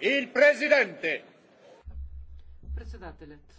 Il Presidente. Председателят.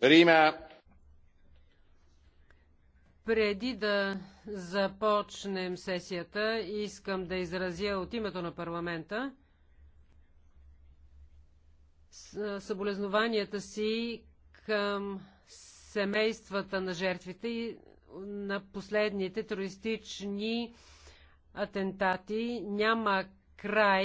Prima... Преди да започнем сесията, искам да изразя от името на парламента съболезнованията си към семействата на жертвите и на последните терористични атентати. Няма край